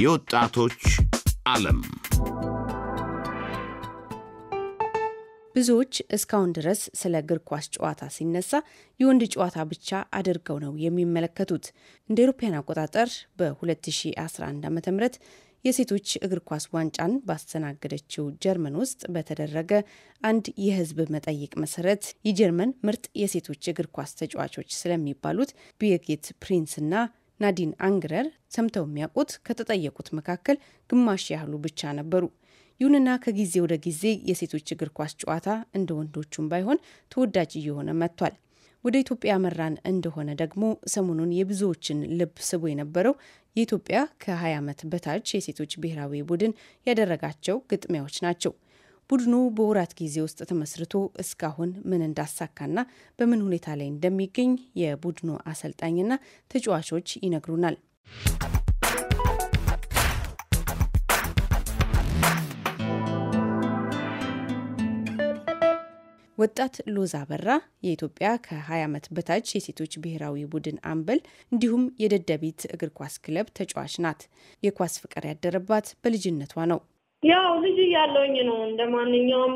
የወጣቶች ዓለም ብዙዎች እስካሁን ድረስ ስለ እግር ኳስ ጨዋታ ሲነሳ የወንድ ጨዋታ ብቻ አድርገው ነው የሚመለከቱት። እንደ ኤሮፓያን አቆጣጠር በ2011 ዓ.ም የሴቶች እግር ኳስ ዋንጫን ባስተናገደችው ጀርመን ውስጥ በተደረገ አንድ የህዝብ መጠይቅ መሰረት የጀርመን ምርጥ የሴቶች እግር ኳስ ተጫዋቾች ስለሚባሉት ቢርጊት ፕሪንስና ናዲን አንግረር ሰምተው የሚያውቁት ከተጠየቁት መካከል ግማሽ ያህሉ ብቻ ነበሩ። ይሁንና ከጊዜ ወደ ጊዜ የሴቶች እግር ኳስ ጨዋታ እንደ ወንዶቹም ባይሆን ተወዳጅ እየሆነ መጥቷል። ወደ ኢትዮጵያ መራን እንደሆነ ደግሞ ሰሞኑን የብዙዎችን ልብ ስቦ የነበረው የኢትዮጵያ ከ20 ዓመት በታች የሴቶች ብሔራዊ ቡድን ያደረጋቸው ግጥሚያዎች ናቸው። ቡድኑ በወራት ጊዜ ውስጥ ተመስርቶ እስካሁን ምን እንዳሳካና በምን ሁኔታ ላይ እንደሚገኝ የቡድኑ አሰልጣኝና ተጫዋቾች ይነግሩናል። ወጣት ሎዛ በራ የኢትዮጵያ ከ20 ዓመት በታች የሴቶች ብሔራዊ ቡድን አምበል እንዲሁም የደደቢት እግር ኳስ ክለብ ተጫዋች ናት። የኳስ ፍቅር ያደረባት በልጅነቷ ነው። ያው ልጅ እያለሁኝ ነው እንደ ማንኛውም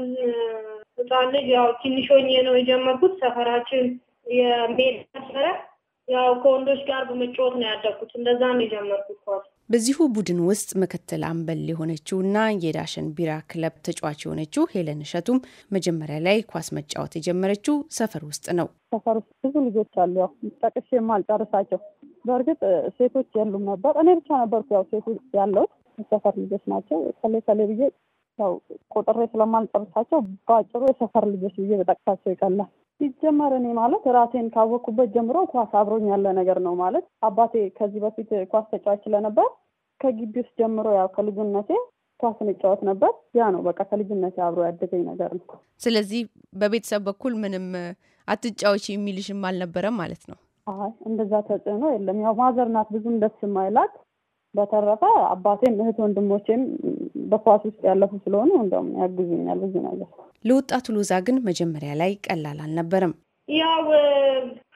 ህፃን ልጅ ያው ትንሽ ነው የጀመርኩት። ሰፈራችን የሜል ነበረ። ያው ከወንዶች ጋር በመጫወት ነው ያደግኩት። እንደዛ ነው የጀመርኩት ኳስ። በዚሁ ቡድን ውስጥ ምክትል አምበል የሆነችውና የዳሽን ቢራ ክለብ ተጫዋች የሆነችው ሄለን እሸቱም መጀመሪያ ላይ ኳስ መጫወት የጀመረችው ሰፈር ውስጥ ነው። ሰፈር ውስጥ ብዙ ልጆች አሉ። ያው ጠቅሼ ማልጨርሳቸው። በእርግጥ ሴቶች የሉም ነበር፣ እኔ ብቻ ነበርኩ ያው ሴቶች ያለው የሰፈር ልጆች ናቸው። ከሌ ከሌ ብዬ ያው ቆጥሬ ስለማልጨርሳቸው በአጭሩ የሰፈር ልጆች ብዬ በጠቅሳቸው ይቀላል። ሲጀመር እኔ ማለት ራሴን ካወቅኩበት ጀምሮ ኳስ አብሮኝ ያለ ነገር ነው። ማለት አባቴ ከዚህ በፊት ኳስ ተጫዋች ስለነበር ከግቢ ውስጥ ጀምሮ ያው ከልጅነቴ ኳስ እንጫወት ነበር። ያ ነው በቃ ከልጅነቴ አብሮ ያደገኝ ነገር ነው። ስለዚህ በቤተሰብ በኩል ምንም አትጫዎች የሚልሽም አልነበረም ማለት ነው? አይ እንደዛ ተጽዕኖ የለም። ያው ማዘር ናት ብዙም ደስ የማይላት በተረፈ አባቴም እህት ወንድሞቼም በኳስ ውስጥ ያለፉ ስለሆኑ እንደውም ያግዙኛል ብዙ ነገር። ለወጣቱ ሎዛ ግን መጀመሪያ ላይ ቀላል አልነበረም። ያው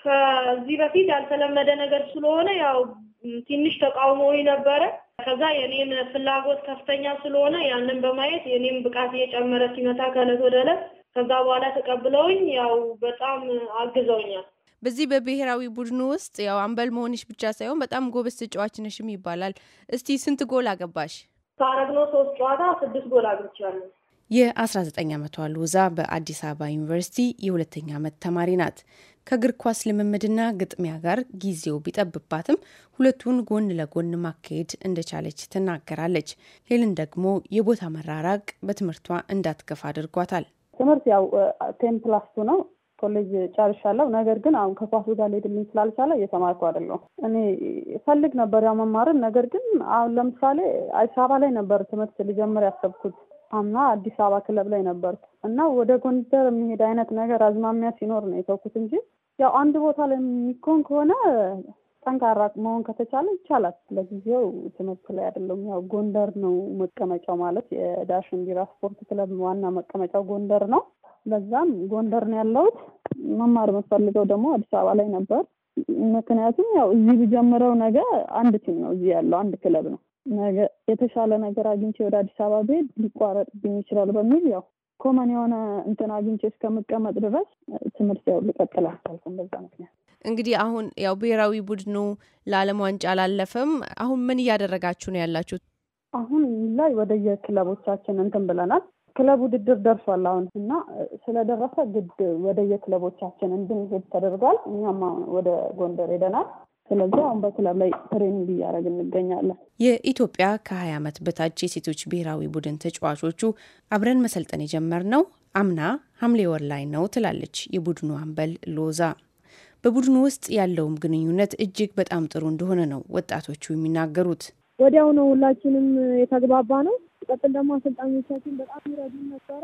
ከዚህ በፊት ያልተለመደ ነገር ስለሆነ ያው ትንሽ ተቃውሞ ነበረ። ከዛ የኔም ፍላጎት ከፍተኛ ስለሆነ ያንን በማየት የኔም ብቃት እየጨመረ ሲመታ ከእለት ወደ እለት ከዛ በኋላ ተቀብለውኝ ያው በጣም አግዘውኛል። በዚህ በብሔራዊ ቡድኑ ውስጥ ያው አምበል መሆንሽ ብቻ ሳይሆን በጣም ጎበዝ ተጫዋች ነሽም ይባላል። እስቲ ስንት ጎል አገባሽ? ካረግነው ሶስት ጨዋታ ስድስት ጎል አግብቻለሁ። የ19 ዓመቷ ሎዛ በአዲስ አበባ ዩኒቨርሲቲ የሁለተኛ ዓመት ተማሪ ናት። ከእግር ኳስ ልምምድና ግጥሚያ ጋር ጊዜው ቢጠብባትም ሁለቱን ጎን ለጎን ማካሄድ እንደቻለች ትናገራለች። ሄልን ደግሞ የቦታ መራራቅ በትምህርቷ እንዳትገፋ አድርጓታል። ትምህርት ያው ቴን ፕላስ ቱ ነው ኮሌጅ ጨርሻለሁ። ነገር ግን አሁን ከኳሱ ጋር ሊሄድልኝ ስላልቻለ እየተማርኩ አይደለሁም። እኔ ፈልግ ነበር ያው መማርን። ነገር ግን አሁን ለምሳሌ አዲስ አበባ ላይ ነበር ትምህርት ልጀምር ያሰብኩት አምና አዲስ አበባ ክለብ ላይ ነበርኩ እና ወደ ጎንደር የሚሄድ አይነት ነገር አዝማሚያ ሲኖር ነው የተውኩት እንጂ ያው አንድ ቦታ ላይ የሚኮን ከሆነ ጠንካራ መሆን ከተቻለ ይቻላል። ለጊዜው ትምህርት ላይ አይደለም። ያው ጎንደር ነው መቀመጫው ማለት የዳሽን ቢራ ስፖርት ክለብ ዋና መቀመጫው ጎንደር ነው። በዛም ጎንደር ነው ያለሁት። መማር የምትፈልገው ደግሞ አዲስ አበባ ላይ ነበር። ምክንያቱም ያው እዚህ ብጀምረው ነገ አንድ ቲም ነው እዚህ ያለው አንድ ክለብ ነው። ነገ የተሻለ ነገር አግኝቼ ወደ አዲስ አበባ ብሄድ ሊቋረጥብኝ ይችላል በሚል ያው ኮመን የሆነ እንትን አግኝቼ እስከምቀመጥ ድረስ ትምህርት ያው ልቀጥል አልቻልኩም በዛ ምክንያት። እንግዲህ አሁን ያው ብሔራዊ ቡድኑ ለዓለም ዋንጫ አላለፈም። አሁን ምን እያደረጋችሁ ነው ያላችሁት? አሁን ላይ ወደየክለቦቻችን እንትን ብለናል። ክለብ ውድድር ደርሷል አሁን እና ስለደረሰ ግድ ወደየክለቦቻችን እንድንሄድ ተደርጓል። እኛም ወደ ጎንደር ሄደናል። ስለዚህ አሁን በክለብ ላይ ትሬኒንግ እያደረግ እንገኛለን። የኢትዮጵያ ከ20 ዓመት በታች የሴቶች ብሔራዊ ቡድን ተጫዋቾቹ አብረን መሰልጠን የጀመርነው አምና ሐምሌ ወር ላይ ነው ትላለች የቡድኑ አምበል ሎዛ። በቡድኑ ውስጥ ያለውም ግንኙነት እጅግ በጣም ጥሩ እንደሆነ ነው ወጣቶቹ የሚናገሩት። ወዲያው ነው ሁላችንም የተግባባ ነው። ቀጥል ደግሞ አሰልጣኞቻችን በጣም ይረዱን ነበረ።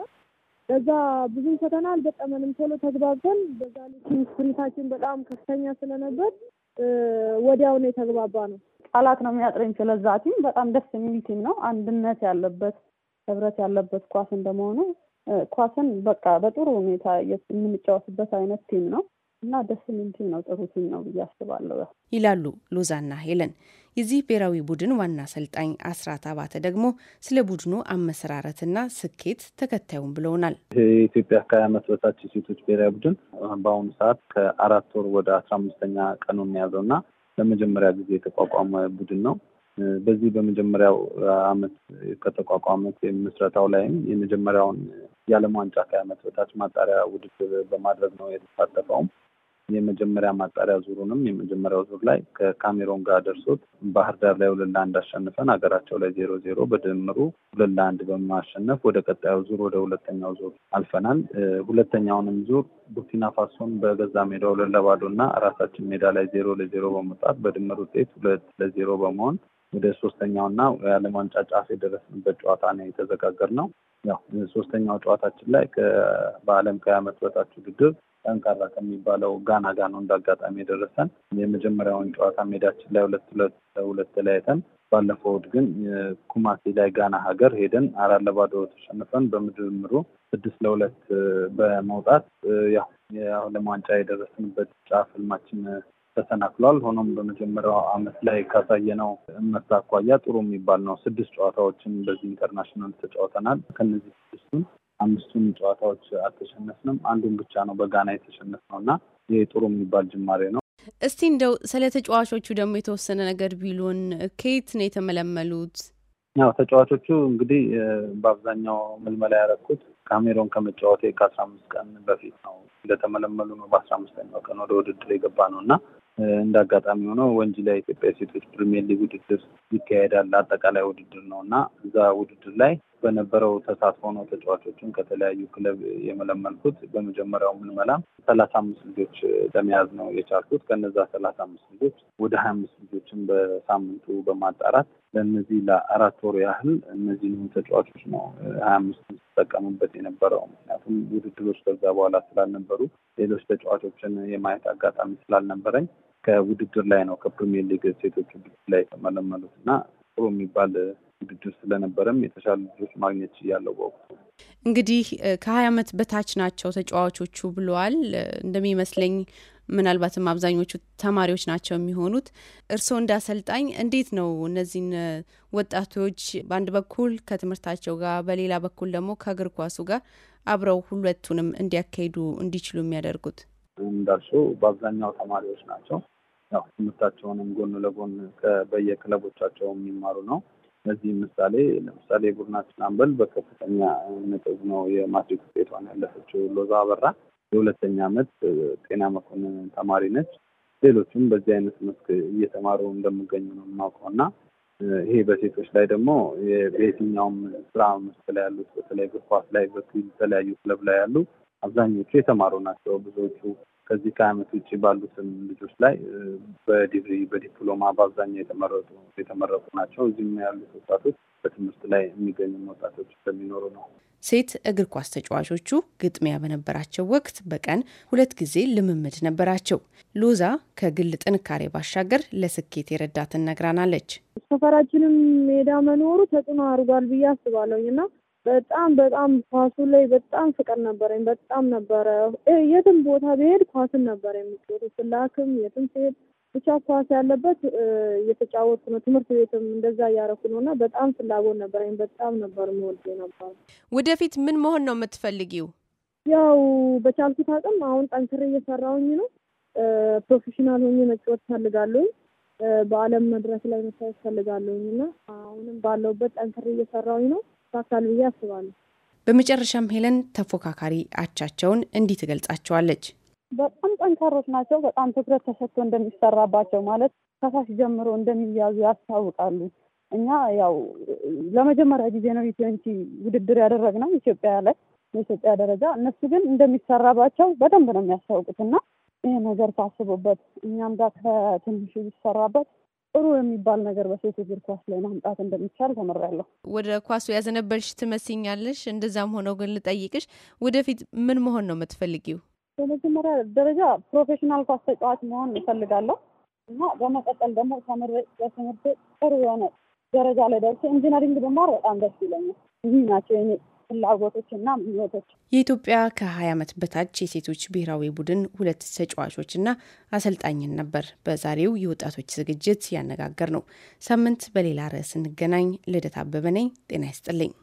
በዛ ብዙ ፈተና አልገጠመንም። ቶሎ ተግባብተን በዛ ልክ በጣም ከፍተኛ ስለነበር ወዲያው ነው የተግባባ ነው። ቃላት ነው የሚያጥረኝ። ስለዛ ቲም በጣም ደስ የሚል ቲም ነው። አንድነት ያለበት ህብረት ያለበት ኳስ እንደመሆኑ ኳስን በቃ በጥሩ ሁኔታ የምንጫወትበት አይነት ቲም ነው እና ደስ የሚል ቲም ነው። ጥሩ ቲም ነው ብዬ አስባለሁ ይላሉ ሎዛና ሄለን። የዚህ ብሔራዊ ቡድን ዋና አሰልጣኝ አስራት አባተ ደግሞ ስለ ቡድኑ አመሰራረትና ስኬት ተከታዩም ብለውናል። የኢትዮጵያ ከሀያ ዓመት በታች የሴቶች ብሔራዊ ቡድን በአሁኑ ሰዓት ከአራት ወር ወደ አስራ አምስተኛ ቀኑን የያዘው እና ለመጀመሪያ ጊዜ የተቋቋመ ቡድን ነው። በዚህ በመጀመሪያው አመት ከተቋቋመት ምስረታው ላይም የመጀመሪያውን የዓለም ዋንጫ ከዓመት በታች ማጣሪያ ውድድር በማድረግ ነው የተሳተፈውም። የመጀመሪያ ማጣሪያ ዙሩንም የመጀመሪያው ዙር ላይ ከካሜሮን ጋር ደርሶት ባህር ዳር ላይ ሁለት ለአንድ አሸንፈን ሀገራቸው ላይ ዜሮ ዜሮ በድምሩ ሁለት ለአንድ በማሸነፍ ወደ ቀጣዩ ዙር ወደ ሁለተኛው ዙር አልፈናል። ሁለተኛውንም ዙር ቡርኪና ፋሶን በገዛ ሜዳ ሁለት ለባዶ እና ራሳችን ሜዳ ላይ ዜሮ ለዜሮ በመውጣት በድምር ውጤት ሁለት ለዜሮ በመሆን ወደ ሶስተኛው እና የዓለም ዋንጫ ጫፍ የደረስንበት ጨዋታ ነው የተዘጋገር ነው። ያው ሶስተኛው ጨዋታችን ላይ በዓለም ከሀያ ዓመት በታች ውድድር ጠንካራ ከሚባለው ጋና ጋር ነው እንዳጋጣሚ የደረሰን። የመጀመሪያውን ጨዋታ ሜዳችን ላይ ሁለት ሁለት ሁለት ተለያይተን ባለፈው እሑድ ግን ኩማሲ ላይ ጋና ሀገር ሄደን አራት ለባዶ ተሸንፈን በምድምሩ ስድስት ለሁለት በመውጣት ያው የዓለም ዋንጫ የደረስንበት ጫፍ ህልማችን ተሰናክሏል። ሆኖም በመጀመሪያው አመት ላይ ካሳየነው እመርታ አኳያ ጥሩ የሚባል ነው። ስድስት ጨዋታዎችን በዚህ ኢንተርናሽናል ተጫውተናል። ከነዚህ ስድስቱን አምስቱን ጨዋታዎች አልተሸነፍንም። አንዱን ብቻ ነው በጋና የተሸነፍነው እና ይህ ጥሩ የሚባል ጅማሬ ነው። እስቲ እንደው ስለ ተጫዋቾቹ ደግሞ የተወሰነ ነገር ቢሉን። ከየት ነው የተመለመሉት? ያው ተጫዋቾቹ እንግዲህ በአብዛኛው ምልመላ ያረኩት ካሜሮን ከመጫወቴ ከአስራ አምስት ቀን በፊት ነው እንደተመለመሉ ነው። በአስራ አምስተኛው ቀን ወደ ውድድር የገባ ነው እና እንደ አጋጣሚ ሆኖ ወንጂ ላይ ኢትዮጵያ ሴቶች ፕሪሚየር ሊግ ውድድር ይካሄዳል። አጠቃላይ ውድድር ነው እና እዛ ውድድር ላይ በነበረው ተሳትፎ ነው ተጫዋቾችን ከተለያዩ ክለብ የመለመልኩት። በመጀመሪያው ምልመላም ሰላሳ አምስት ልጆች ለመያዝ ነው የቻልኩት። ከነዛ ሰላሳ አምስት ልጆች ወደ ሀያ አምስት ልጆችን በሳምንቱ በማጣራት ለእነዚህ ለአራት ወር ያህል እነዚህንም ተጫዋቾች ነው ሀያ አምስት ስጠቀሙበት የነበረው። ምክንያቱም ውድድሮች ከዛ በኋላ ስላልነበሩ ሌሎች ተጫዋቾችን የማየት አጋጣሚ ስላልነበረኝ ከውድድር ላይ ነው ከፕሪሚየር ሊግ ሴቶች ውድድር ላይ ተመለመሉት እና ጥሩ የሚባል ውድድር ስለነበረም የተሻሉ ልጆች ማግኘት ያለው በወቅቱ እንግዲህ ከሀያ ዓመት በታች ናቸው ተጫዋቾቹ ብለዋል። እንደሚመስለኝ ምናልባትም አብዛኞቹ ተማሪዎች ናቸው የሚሆኑት። እርስዎ እንዳሰልጣኝ እንዴት ነው እነዚህን ወጣቶች በአንድ በኩል ከትምህርታቸው ጋር፣ በሌላ በኩል ደግሞ ከእግር ኳሱ ጋር አብረው ሁለቱንም እንዲያካሂዱ እንዲችሉ የሚያደርጉት? እንዳልሽው በአብዛኛው ተማሪዎች ናቸው። ያው ትምህርታቸውንም ጎን ለጎን በየክለቦቻቸው የሚማሩ ነው። ለዚህ ምሳሌ ለምሳሌ ቡድናችን አምበል በከፍተኛ ነጥብ ነው የማትሪክ ውጤቷን ያለፈችው ሎዛ አበራ የሁለተኛ ዓመት ጤና መኮንን ተማሪ ነች። ሌሎችም በዚህ አይነት መስክ እየተማሩ እንደሚገኙ ነው የማውቀው እና ይሄ በሴቶች ላይ ደግሞ በየትኛውም ስራ መስክ ላይ ያሉት በተለይ እግር ላይ በተለያዩ ክለብ ላይ ያሉ አብዛኞቹ የተማሩ ናቸው። ብዙዎቹ ከዚህ ከአመት ውጭ ባሉትም ልጆች ላይ በዲግሪ በዲፕሎማ በአብዛኛው የተመረጡ የተመረቁ ናቸው። እዚህም ያሉት ወጣቶች በትምህርት ላይ የሚገኙ ወጣቶች በሚኖሩ ነው። ሴት እግር ኳስ ተጫዋቾቹ ግጥሚያ በነበራቸው ወቅት በቀን ሁለት ጊዜ ልምምድ ነበራቸው። ሎዛ ከግል ጥንካሬ ባሻገር ለስኬት የረዳትን ነግራናለች። ሰፈራችንም ሜዳ መኖሩ ተጽዕኖ አድርጓል ብዬ አስባለሁኝ እና በጣም በጣም ኳሱ ላይ በጣም ፍቅር ነበረኝ። በጣም ነበረ የትም ቦታ ብሄድ ኳስን ነበረ የምጫወተው። ስላክም የትም ሲሄድ ብቻ ኳስ ያለበት እየተጫወትኩ ነው። ትምህርት ቤትም እንደዛ እያረኩ ነው እና በጣም ፍላጎት ነበረኝ። በጣም ነበር መወድ ነበር። ወደፊት ምን መሆን ነው የምትፈልጊው? ያው በቻልኩት አቅም አሁን ጠንክሬ እየሰራውኝ ነው። ፕሮፌሽናል ሆኜ መጫወት ፈልጋለሁኝ። በዓለም መድረክ ላይ መታየት ፈልጋለሁኝ እና አሁንም ባለውበት ጠንክሬ እየሰራውኝ ነው ያሳካል ብዬ አስባለሁ። በመጨረሻም ሄለን ተፎካካሪ አቻቸውን እንዲህ ትገልጻቸዋለች። በጣም ጠንካሮች ናቸው። በጣም ትኩረት ተሰጥቶ እንደሚሰራባቸው ማለት ከታች ጀምሮ እንደሚያዙ ያስታውቃሉ። እኛ ያው ለመጀመሪያ ጊዜ ነው ኢትዮንቲ ውድድር ያደረግነው ኢትዮጵያ ላይ የኢትዮጵያ ደረጃ። እነሱ ግን እንደሚሰራባቸው በደንብ ነው የሚያስታውቁት እና ይሄ ነገር ታስቦበት እኛም ጋር ከትንሹ ይሰራበት ጥሩ የሚባል ነገር በሴት እግር ኳስ ላይ ማምጣት እንደሚቻል ተምሬያለሁ። ወደ ኳሱ ያዘነበልሽ ትመስኛለሽ። እንደዛም ሆኖ ግን ልጠይቅሽ፣ ወደፊት ምን መሆን ነው የምትፈልጊው? በመጀመሪያ ደረጃ ፕሮፌሽናል ኳስ ተጫዋች መሆን እፈልጋለሁ እና በመቀጠል ደግሞ ተምሬ በትምህርት ጥሩ የሆነ ደረጃ ላይ ደርሼ ኢንጂነሪንግ ብማር በጣም ደስ ይለኛል። ይህ ናቸው የኔ ፍላጎቶች እና ምኞቶች የኢትዮጵያ ከ20 ዓመት በታች የሴቶች ብሔራዊ ቡድን ሁለት ተጫዋቾችና አሰልጣኝን ነበር በዛሬው የወጣቶች ዝግጅት ያነጋገር ነው። ሳምንት በሌላ ርዕስ እንገናኝ። ልደት አበበ ነኝ። ጤና ይስጥልኝ።